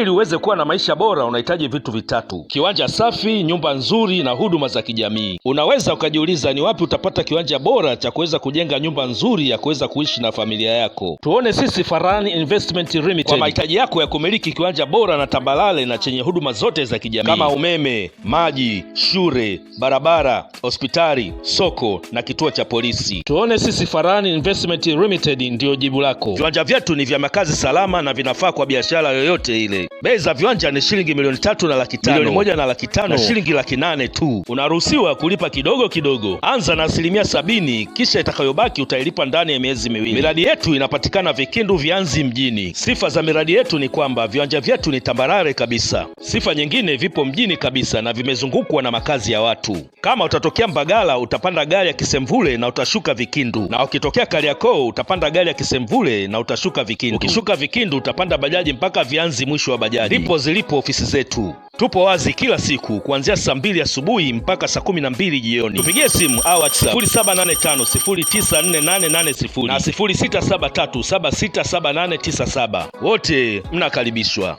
Ili uweze kuwa na maisha bora, unahitaji vitu vitatu: kiwanja safi, nyumba nzuri na huduma za kijamii. Unaweza ukajiuliza ni wapi utapata kiwanja bora cha kuweza kujenga nyumba nzuri ya kuweza kuishi na familia yako. Tuone sisi Farani Investment Limited kwa mahitaji yako ya kumiliki kiwanja bora na tambalale na chenye huduma zote za kijamii kama umeme, maji, shule, barabara, hospitali, soko na kituo cha polisi. Tuone sisi Farani Investment Limited ndiyo jibu lako. Viwanja vyetu ni vya makazi salama na vinafaa kwa biashara yoyote ile. Bei za viwanja ni shilingi milioni tatu na laki tano, milioni moja na laki tano na shilingi laki nane tu. Unaruhusiwa kulipa kidogo kidogo, anza na asilimia sabini, kisha itakayobaki utailipa ndani ya miezi miwili. Miradi yetu inapatikana Vikindu Vianzi mjini. Sifa za miradi yetu ni kwamba viwanja vyetu ni tambarare kabisa. Sifa nyingine, vipo mjini kabisa na vimezungukwa na makazi ya watu. Kama utatokea Mbagala utapanda gari ya Kisemvule na utashuka Vikindu, na ukitokea Kariakoo utapanda gari ya Kisemvule na utashuka Vikindu. Ukishuka Vikindu utapanda bajaji mpaka Vianzi mwisho wa bajaji ndipo zilipo ofisi zetu. Tupo wazi kila siku kuanzia saa mbili asubuhi mpaka saa kumi na mbili jioni. Tupigie simu au WhatsApp 0785094880 na 0673767897. Wote mnakaribishwa.